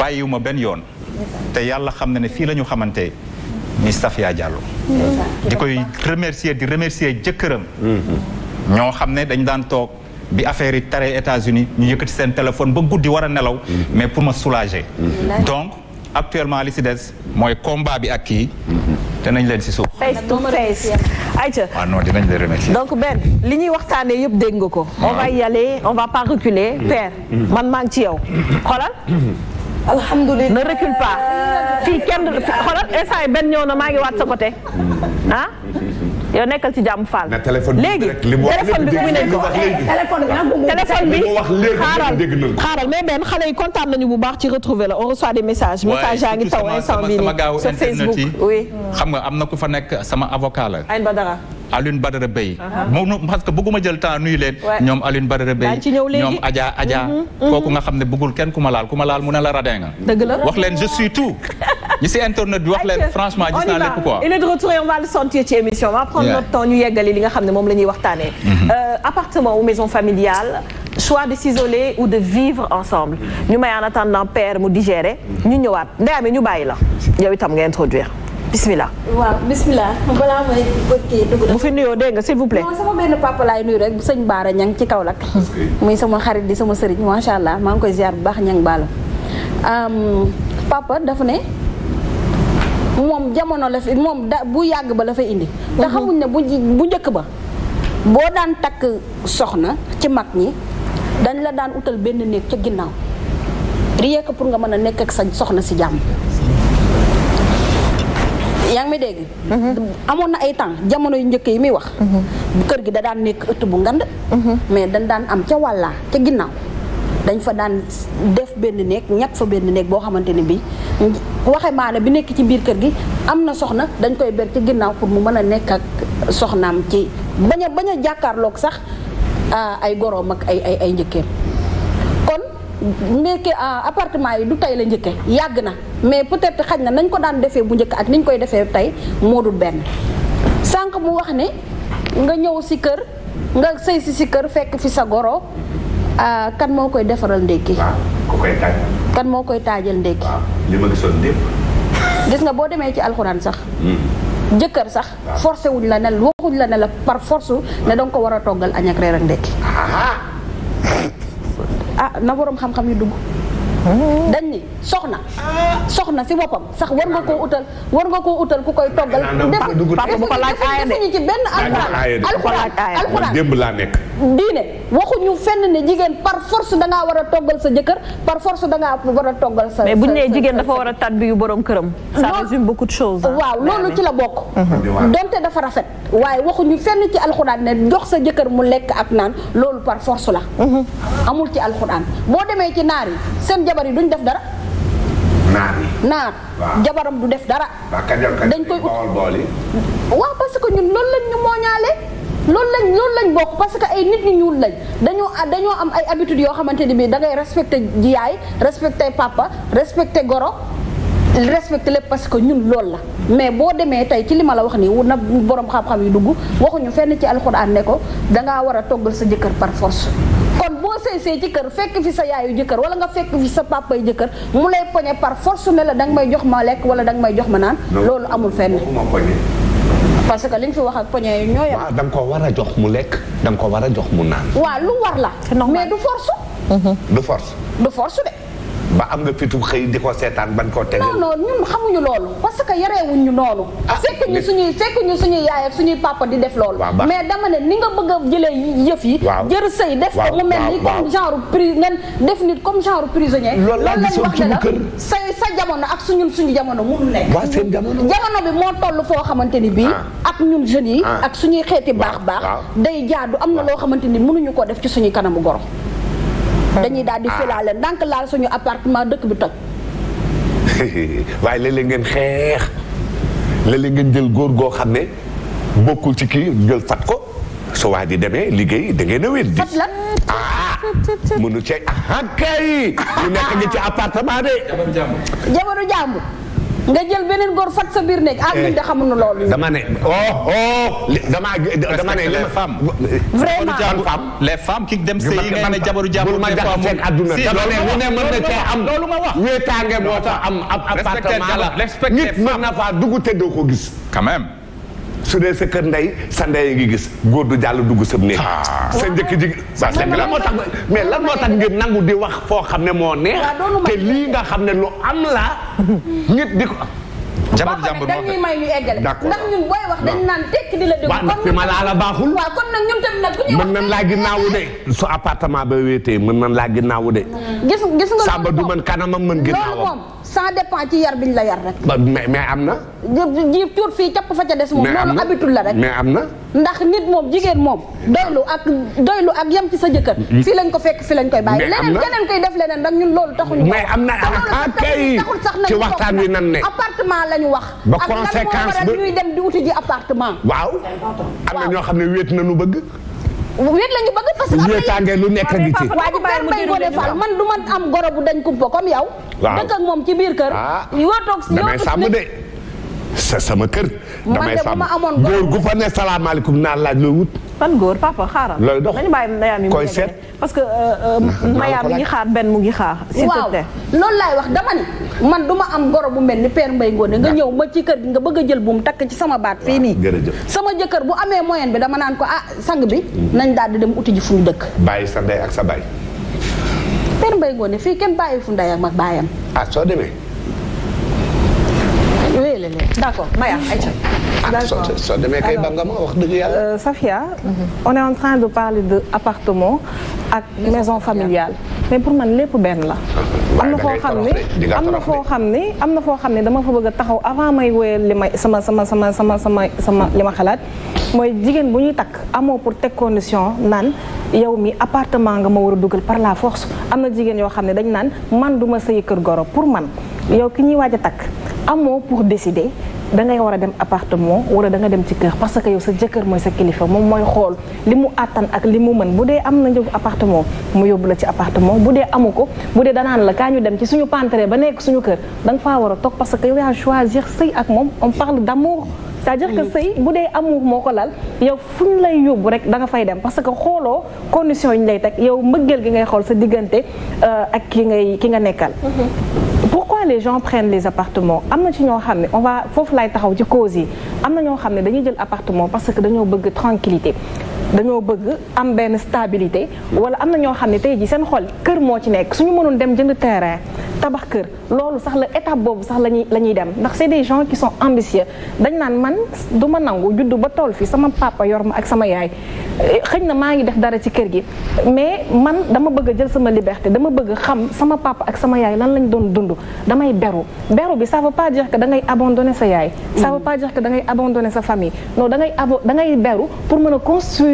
bàyyiwu ma benn yoon te yàlla xam na ne fii la ñu xamante ni Safia Diallo di koy remercier di remercier jëkkëram ñoo xam ne dañ daan toog bi affaire yi tare États-Unis ñu yëkkati seen téléphone ba guddi war a nelaw mais pour ma soulager donc actuellement li si des mooy combat bi ak ki te nañ leen si suuf face to face Aïcha ah non dinañ leen remercier donc Ben li ñuy waxtaanee yëpp dégg nga ko on va y aller on va pas reculer mm. père man maa ngi ci yow xoolal alhamdulilah ne recule pas fii kenn xoolal instant yi benn ñëw na maa ngi waat sa côté hmm. ah. yow nekkal ci jàmm Fall. léegi téléphone bi muy eh, nañ ko téléphone bi xaaral xaaral mais benn xale yi kontaan nañu bu baax ci retrouver la on reçoit des message message yaa ngi taw instant bii nii sur Facebook oui. xam nga am na ku fa nekk sama avocat la. Aïn Badara. Alioune Badara Bey moom parce que bëgguma jël temps nuyu leen ñoom Alioune Badara Bey ñoom Adja Adja mm-hmm, mm-hmm. kooku nga xam ne bëggul kenn ku ma laal ku ma laal mu ne la radin nga dëgg la wax leen je tout ñi si internet bi wax leen franchement gis naa lépp quoi il est de retour et on va le sentir ci émission on va prendre notre temps ñu nga xam ne moom la ñuy waxtaanee mm-hmm. euh, appartement ou maison familiale choix de s'isoler ou de vivre ensemble ñu may en attendant père mu digérer ñu ñëwaat ndeyame ñu bàyyi la yow itam nga introduire bismillah. waaw bismillah balaa may bu fi nuyoo dégg nga s'il vous plaît. sama benn papa laay nuyu rek sëñ Baara ñang ci Kaolack. muy sama xarit di sama sëriñ macha allah maa ngi koy ziar bu baax ñang baalu. papa dafa ne moom jamono la fi moom da bu yàgg ba la fa indi. te mhm. xamuñ ne bu bu njëkk ba. boo daan takk soxna ci mag ñi dañ la daan utal benn néeg ca ginnaaw rien que pour nga mën a nekk ak sa soxna si jàmm. yaa ngi may dégg. amoon na ay temps jamono yu njëkk yi muy wax. kër gi da daan nekk ëtt bu ngand. mais dañ daan am ca wàllaa ca ginnaaw. dañ fa daan def benn néeg ñàkk fa benn néeg boo xamante ne bii waxe maana bi nekk ci biir kër gi am na soxna dañ koy ber ca ginnaaw pour mu mën a nekk ak soxnaam ci bañ a bañ a jàkkaarloog sax ah, ay goroom ak ay ay ay njëkkeem nekkee ah, appartement yi du tey la njëkke yàgg na mais peut-être xaj na nañ ko daan defee bu njëkk ak niñ koy defee tey moo dul benn sànq mu wax ne nga ñëw si kër nga sëy si si kër fekk fi sa goro ah, kan moo koy defaral ndékki kan moo koy taajal ndékki gis nga boo demee ci alxuraan sax hmm. jëkkër sax forcé wuñ la ne waxuñ la ne la par force ne danga ko war a toggal añ ak reer ak ndékki na borom xam-xam yi dugg. Oh. soxna soxna si boppam sax war nga koo utal war nga koo utal ku koy toggal defuñu ci benn alxuraan alxuraan alxuraan démb laa nekk diine waxuñu fenn ne jigéen par force dangaa war a toggal sa jëkkër par force dangaa war a toggal sa mais buñ nee jigéen dafa war a tàbbi yu borom këram ça résume beaucoup ci la bokk donte dafa rafet waaye waxuñu fenn ci alxuraan ne jox sa jëkkër mu lekk ak naan loolu par force la mhm. amul ci alxuraan boo demee ci naar yi seen jabar yi duñ def dara naar yi. naar jabaram du def dara. dañ koy waaw parce que ñun loolu lañ ñu mooñaale loolu lañ loolu parce que ay nit ñu ñuul lañ dañoo dañoo am ay habitudes yoo xamante ni bii da ngay respecté yaay respecté papa respecté goro respecté lépp parce que ñun loolu la mais boo demee tey ci li ma la wax nii na borom xam-xam yi dugg waxuñu fenn ci alxuraan ne ko dangaa war a toggal sa jëkkër par force boo sëysee ci kër fekk fi sa yaayu jëkkër wala nga fekk fi sa papay jëkkër mu lay poñe par force ne la da nga may jox ma lekk wala danga may jox ma naan loolu amul fenn parce que li ñu fi wax ak poñe yi ñoo yem da nga ko war a jox mu lekk danga nga ko war a jox mu naan waaw lu war la mais du force du force du force de ba am nga fitu xëy di ko seetaan ban ko tegal. non non ñun xamuñu loolu parce que yarewuñ ñu noonu. Ah, fekk ñu suñuy fekk ñu yaay ak suñuy papa di def loolu. mais dama ne ni nga bëgg a jëlee yëf yi. jër sëy def ko mu mel ni comme genre pri ngeen def nit comme genre prisonnier. loolu lañ wax ne la sa sa jamono ak suñu suñu jamono mënul nekk. waaw seen jamono jamono bi moo toll foo xamante ni bii. Ah. ak ñun jeunes yi. Ah. ak suñuy xeeti baax baax. day jaadu am na loo xamante ni mënuñu ko def ci suñuy kanamu goro dañuy daal di ah. filaale ndànk laal suñu appartement dëkk bi toj. waaye léeg-léeg ngeen xeex léeg-léeg ngeen jël góor goo xam ne bokkul ci kii jël fat ko su waa di demee liggéey da ngeen a wér di. Ah, mënu cee ah kay. ñu nekk ngi ci appartement de. jamono jàmbur. nga jël beneen góor fat sa biir nekk ah ñun de eh. xamuñu loolu. dama ne oh oh damaa dama ne les femmes. vraiment les femmes ki dem sëy yi ngay ne jabaru jàmbur ma jaxase ak adduna ma ne mu ne mën am loolu nga wax wéetaange moo tax am ab appartement la nit mën na faa dugg te gis quand su dee sa kër ndey sa ndey ngi gis góor du jàll dugg sëb néeg ah. sa njëkk ji waaw lan moo tax mais lan moo tax ngeen nangu di wax foo xam ne moo neex te lii nga xam ne lu am la nit di ko jabar jàmbur moo dañuy may ñu eggale ndax ñun booy wax dañ naan tekk di la déglu waaw ndax fi ma laa la baaxul waaw kon nag ñun tamit nag bu ñuy wax mën nan laa ginnaawu de su appartement ba wéetee mën nan laa ginnaawu de gis gis nga sàmba du man kanamam mën ginnaawam ça dépend ci yar biñ la yar rek. mais am na. ji tuut fii capp fa des. moom loolu habitude la rek. mais am na. ndax nit moom jigéen moom. doylu ak doylu ak yem ci sa jëkkër. fii lañ ko fekk fii lañ koy bàyyi. mais am na leneen keneen koy def leneen rek ñun loolu taxuñu. mais am na ah, kay waxtaan wi nan ne. appartement la ñu wax. ba conséquence bi ak lan moo waral di uti ji appartement. waaw am na ñoo xam ne wéet na nu bëgg. wet la bëgg parce que. tàngee lu nekk ngi ci. waa ji Père Mbaye Ngoné Fall man du man am goro bu dañ kumpa comme yow. waaw moom ci biir kër. ah damay sàmm de. sa sama kër. damay sàmm góor gu fa ne salaamaaleykum naa laaj loo wut. fan góor papa xaaral. loolu dox nañu bàyyi Mayaam yi mu ngi parce que Mayaam mi ngi xaar benn mu ngi xaar. s'il te waaw loolu laay wax dama ni man du ma am ngoro bu mel ni Père Mbaye nga ñëw ma ci kër gi nga bëgg a jël buum takk ci sama baat fii nii. sama jëkkër bu amee moyen bi dama naan ko ah sang bi. Mm-hmm. nañ daal di dem uti ji fu ñu dëkk. bàyyi sa ndey ak sa baay. Père Mbaye fii kenn bàyyi fu ndey ak mag baayam. ah soo demee. wéyale leen d'accord Maya Ah, d'accord ah soo demee kay ba nga ma wax dëgg yàlla. Euh, Safia. Mhm. on est en train de parler de appartement. ak maison familial mais pour man lépp benn la. Ah, am na foo xam ne am na foo xam ne am na foo xam ne dama fa bëgg a taxaw avant may woyal li may sama sama sama sama sama sama li ma xalaat. mooy jigéen bu ñuy takk amoo pour teg condition naan yow mi appartement nga ma war a dugal par la force am na jigéen yoo xam ne dañ naan man duma ma kër goro pour man yow ki ñuy waaj a takk amoo pour décider. da ngay war a dem appartement wala da nga dem ci kër parce que yow sa jëkkër mooy sa kilifa moom mooy xool li mu àttan ak li mu mën bu dee am na njëgu appartement mu yóbbu la ci appartement bu dee amu ko bu dee danaan la kaa ñu dem ci suñu pantere ba nekk suñu kër da faa war a parce que yow yaa choisir sëy ak moom on parle d'amour c'est-à-dire que mm. bu dee amour moo ko lal yow fu ñu lay yóbbu rek da nga fay dem parce que xooloo condition yi ñu lay teg yow mbëggeel gi ngay xool sa diggante euh, ak ki ngay ki nga nekkal mm-hmm. les gens prennent les appartements am na ci ñoo xam ne on va foofu lay taxaw ci cause yi am na ñoo xam ne dañuy jël appartement parce que dañoo bëgg tranquillité dañoo bëgg am benn stabilité wala am na ñoo xam ne tey jii seen xol kër moo ci nekk suñu mënul dem jënd terrain tabax kër loolu sax la étape boobu sax lañuy la ñuy dem ndax c'est des gens qui sont ambitieux dañ naan man duma ma nangu juddu ba tool fi sama papa yor ma ak sama yaay xëñ na maa ngi def dara ci kër gi mais man dama bëgg a jël sama liberté dama bëgg xam sama papa ak sama yaay lan lañ doon dund damay beru beru bi ça veut da ngay abandonner sa yaay ça veut pas dire que da ngay abandonner sa famille non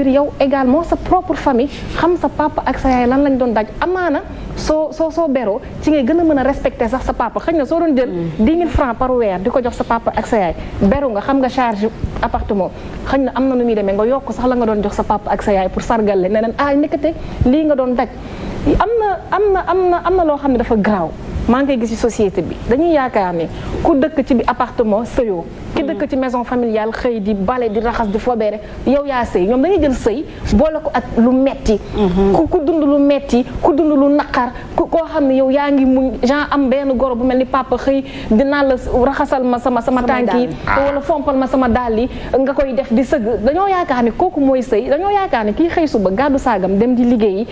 biir yow également sa propre famille xam sa papa ak sa yaay lan lañ doon daj amaana soo soo soo beroo ci ngay gën a mën a respecté sax sa papa xëy na soo doon jël dix mille par weer di ko jox sa papa ak sa yaay beru nga xam nga charge appartement xëy na am na nu muy demee nga yokk sax la nga doon jox sa papa ak sa yaay pour sargal leen ne leen ah nekkate lii nga doon daj am na am na am na am na loo xam ne dafa garaaw maa ngi koy gis ci société bi dañuy yaakaar ne ku dëkk ci bi appartement sëyoo ki dëkk ci maison familiale xëy di bale di raxas di fobeere yow yaa sëy ñoom dañuy jël sëy boole ko ak lu metti mhm. ku ku dund lu metti ku dund lu naqar ku koo xam ne yow yaa ngi muñ genre am benn goro bu mel ni papa xëy dinaa la raxasal ma sama sama tànk yi ah. wala fompal ma sama dàll yi nga koy def di sëgg dañoo yaakaar ne kooku mooy sëy dañoo yaakaar ne kii xëy suba gàddu saagam dem di liggéeyi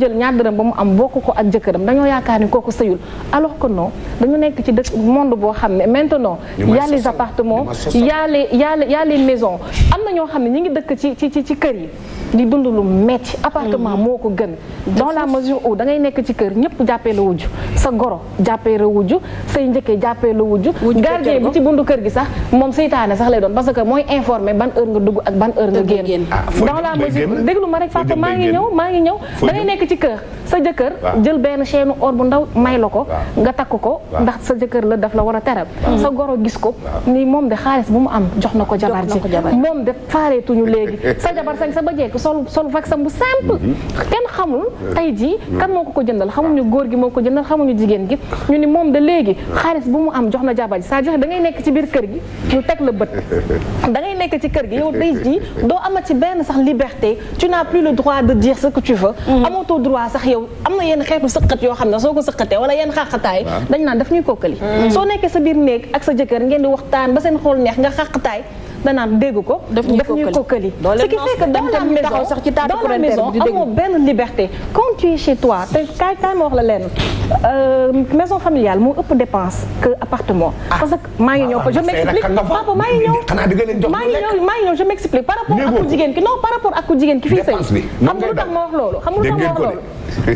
jël ñaar dërëm ba mu am bokk ko ak jëkkëram dañoo yaakaar ni kooku sëyul alors que non dañu nekk ci dëkk monde boo xam ne maintenant y a les appartements a les y a les y a les am na ñoo xam ne ñu ngi dëkk ci ci ci ci kër yi di dund lu metti appartement mhm. moo ko gën dans la mesure où da ngay nekk ci kër ñëpp jàppee la wujj sa goro jàppee la wujj say njëkkee jàppee la wujj gardien bi ci bundu kër gi sax moom seytaane sax lay doon parce que mooy informé ban heure nga dugg ak ban heure nga ah, ci kër sa jëkkër jël benn chaîne or bu ndaw may la ko nga takk ko ndax sa jëkkër la daf la war a teral sa goro gis ko ni moom de xaalis bu mu am jox na ko jabar ji moom de faareetuñu léegi sa jabar sañ sa ba jekk sol sol vaccin bu simple mhm. kenn xamul tey jii mhm. kan moo ko jëndal xamuñu góor gi moo ko jëndal xamuñu jigéen gi ñu ni moom de léegi xaalis bu mu am jox na jabar ji saa joxe da ngay nekk ci biir kër gi ñu teg la bët da nekk ci kër gi yow tey ji doo ama ci benn sax liberté tu n'as plus de dire ce que tu veux mhm. amatoo droit sax yow am na yenn xeetu sëqat yoo xam ne soo ko sëqatee wala yenn xàqataay dañ naan daf ñuy kokkali hmm. soo nekkee sa biir néeg ak sa jëkkër ngeen di waxtaan ba seen xool neex nga xàqataay danaan dégg ko. daf ñuy kokkali ce qui fait que dans la maison dans la maison amoo benn liberté. quand tu es chez toi te kaay kaay ma wax la leen euh, maison familiale moo ëpp dépense que appartement. Ah. parce que maa ngi ñëw ah, je m'explique papa maa ngi ñëw. maa ngi ñëw maa ngi ñëw je m'explique par rapport ak ku jigéen ki non par rapport ak ku jigéen ki fii sëy. xam nga lu tax ma wax loolu xam nga lu tax ma wax loolu.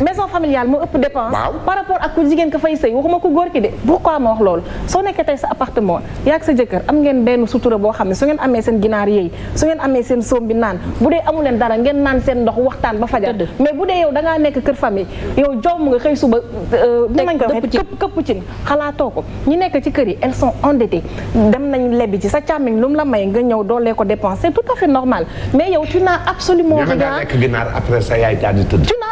maison familiale moo ëpp dépense par rapport ak ku jigéen ka fay sëy waxuma ku góor ki de pourquoi ma wax loolu soo nekkee tey sa appartement yaa ak sa jëkkër am ngeen benn sutura boo xam ne su ngeen amee seen ginaar yooyu su ngeen amee seen soom bi naan bu dee amu leen dara ngeen naan seen ndox waxtaan ba fajar mais bu dee yow da ngaa nekk kër famille yow jomm nga xëy suba euh, nu mañ ko cin xalaatoo ko ñi nekk ci kër yi elles sont endettées dem nañ ci sa càmmiñ lu mu la may nga ñëw doolee ko dépense c'est tout à fait normal mais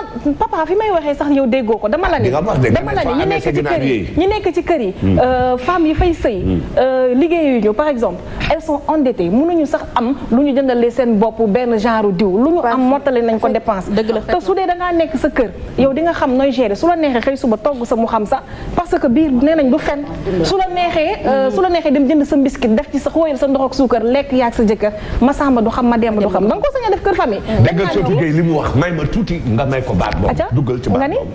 pourtant papa fi may waxee sax yow déggoo ko dama la ne dama la ne ñi nekk ci kër yi ñi nekk ci kër yi femmes yi fay sëy hmm. euh, liggéeyuñu par exemple elles sont endettées mënuñu sax am lu ñu jëndalee seen bopp benn genre diw lu ñu am mottale nañ ko dépense te su dee da ngaa nekk sa kër yow di nga xam nooy gérer su la neexee xëy suba togg sa mu xam sax parce que biir nee nañ du fen su la neexee euh, hmm. su la neexee dem jënd sa mbiskit def ci sa xóoyal sa ndox ak suukar lekk yaag sa jëkkër ma sàmba du xam ma demba du xam da ko a def kër famille déggal Sophie mu wax ma tuuti nga may ko baat boobu duggal ci baat boobu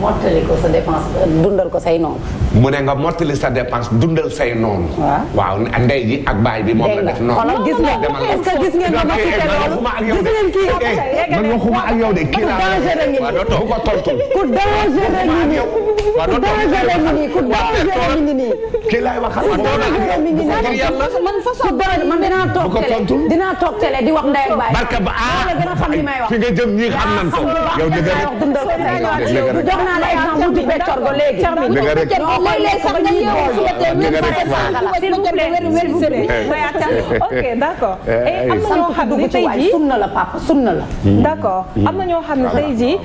mottali ko sa dépense dundal ko say noonu. mu ne nga mottali sa dépense dundal say noonu. waaw ndey ji ak baay bi moom la def noonu. gis nga est-ce que gis ngeen ma ci teg loolu gis ngeen kii eh, man waxuma ak yow de kii laa. ku dangereux ngi nii waaw doo toog ku dangereux ngi nii. waaw non non kii laay waxal man façon man dinaa toog télé dinaa toog télé di wax ndey ak baay barka ba a gën a xam li may wax fi nga jëm ñi xam nañ ko yow dëgg rek dundal ko jox naa la exemple bu jubee torgo léegi dëgg rek léeg-léeg sax nga yeewoo su ma tee wér ba s'il vous plaît wér vous plaît ok d'accord am na ñoo xam ne tey jii sunna la papa sunna la d'accord am na ñoo xam ne tey jii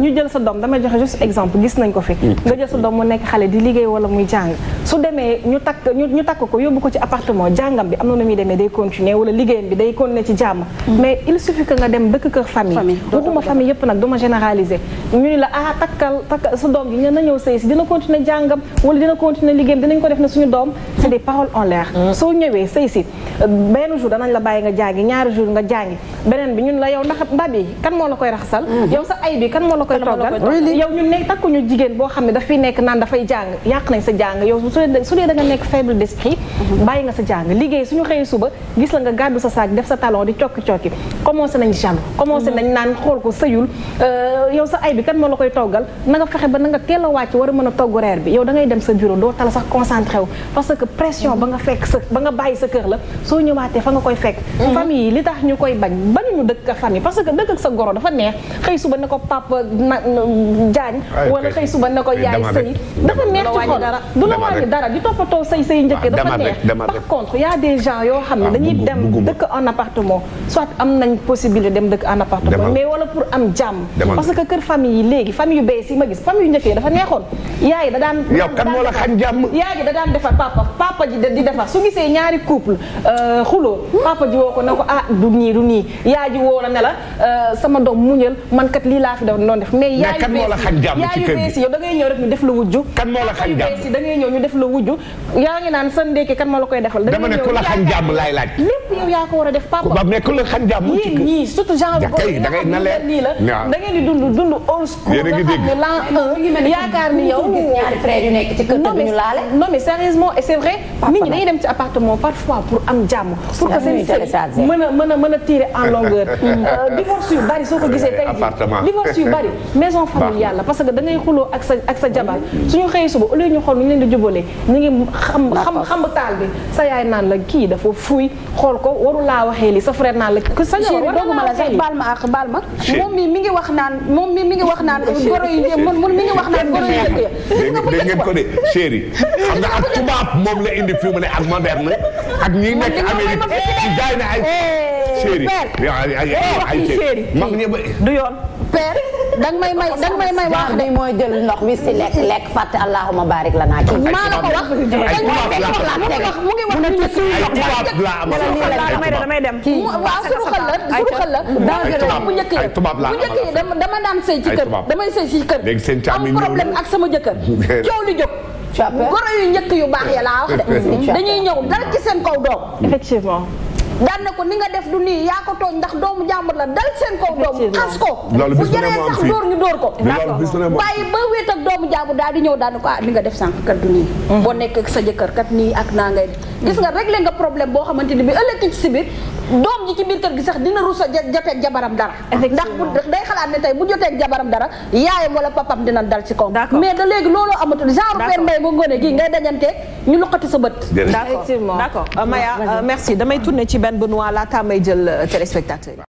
ñu jël sa doom dama joxe juste exemple gis nañ ko fi nga jël sa doom mu nekk xale di liggéey wala muy jàng su demee ñu takk ñu takk ko yóbbu ko ci appartement jàngam bi am na nu muy demee day continuer wala liggéeyam bi day continuer ci jàmm mm-hmm. mais il suffit que nga dem dëkk kër famille waxuma famille yëpp nag duma généraliser ñu ni la ah takkal takk sa doom gi nga na ñëw sëy si dina continuer jàngam wala dina continuer liggéeyam dinañ ko def ne suñu doom c'est des paroles en l'air mm-hmm. soo ñëwee sëy si benn jour danañ la bàyyi nga jàngi ñaari jour nga jàngi beneen bi ñun la yow ndax ndab yi kan moo la koy raxasal mm-hmm. yow sa ay bi kan moo la koy jigéen boo xam ne dafay nekk naan dafay jàng yàq nañ sa jàng yow su dee da nga nekk faible d'esprit mhm. bàyyi nga sa jàng liggéey suñu xëyee suba gis la nga gàddu sa saak def sa talon di cokki nañ jàmm commencé mhm. nañ naan xool ko sëyul euh, yow sa ay bi kan moo la koy toggal na nga fexe ba na nga teel a wàcc war a mën a togg reer bi yow da ngay dem sa bureau doo tala sax concentré wu parce que pression ba nga fekk sa ba nga bàyyi sa kër la soo ñëwaatee fa nga koy fekk mhm. famille yi li tax ñu koy bañ bañ ñu dëkk ak famille parce que dëkk ak sa goro dafa neex xëy suba ne ko pap jaañ wala mën na ko eh, yaay sëy dafa neex ci xol du la wàññi dara di toppatoo say say njëkkee ah, dafa neex par contre y a des gens yoo xam ne ah, dañuy dem dëkk en appartement soit am nañ possibilité dem dëkk en appartement mais wala pour am jàmm parce que kër famille yi léegi famille yu ma gis famille yu njëkk dafa neexoon yaay da daan yow kan moo la jàmm yaay ji da daan defar papa di defar su gisee ñaari couple euh, xuloo papa ji woo ko na ko ah du nii du nii yaay ji woo la ne la euh, sama doom muñal man kat lii laa fi doon def mais yaay yu da ngay ñëw rek ñu def la wujju kan moo la xañ jàmm da ngay ñëw ñu def la wujju yaa ngi naan sa ndekki kan moo la koy defal dama ne ku la xañ jàmm laay laaj lépp yow yaa ko war a def papa mais ku la xañ jàmm yéen ñii surtout genre nii la da ngeen di dund dund old school nga xam ne l'an un yaakaar ni yow gis ñaari frère yu nekk ci kër ñu laale non mais sérieusement et c'est vrai nit ñi dañuy dem ci appartement parfois pour am jàmm pour que seen sëy mën a mën a mën a tirer en longueur euh, divorce yu bari soo ko gisee tey ji divorce yu bari maison familiale la parce que da ngay xuloo ak ak sa ak sa jabar suñu xëyee suba au ñu xool nu ñu leen di jubalee ñu ngi xam xam xam taal bi sa yaay naan la kii dafa fuy xool ko waru laa waxee li sa frère naan la ku sa jabar doguma la sax baal ma ak baal ma moom mi mi ngi wax naan mi mi wax naan goro yu jëm mun mi ngi wax naan goro yu jëkk dégg ngeen ko de chéri mu ne ak moderne ak ñi nekk Amérique ci jaay na eh, eh, du yoon père danga may may wax de mooy jël ndox mi si lekk lekk fàtte barik la naa ci maa la ko wax mu ngi wax suñu ndox damay dem waaw suñu xel la suñu xel la danger bu njëkk yi bu dama daan ci kër damay sëy ci kër am problème ak sama jëkkër coow li jóg goro yu njëkk baax ya laa wax de dara ci seen kaw doom daan na ko ni nga def du nii yaa ko tooñ ndax doomu jàmbur la dal seen kaw doomu xas ko bu jëree sax dóor ñu dóor ko bàyyi ba wéet ak doomu jàmbur daal di ñëw daan ko ah ni nga def sànq kat du nii mm. boo nekk sa jëkkër kat nii ak naa ngay gis nga réglé nga problème boo xamante ni bi ëllëg ci si doom ji ci biir kër gi sax dina rusa joteeg jabaram dara ndax bu day xalaat ne tey bu joteeg jabaram dara yaayam wala papam dina dal ci kaw mais da léegi looloo amatul genre père mbay ba ngoone gi ngay dajante ñu luqati sa bët d'accord euh, Maya euh, merci damay tourner ci benn Benoît laata may jël euh, téléspectateur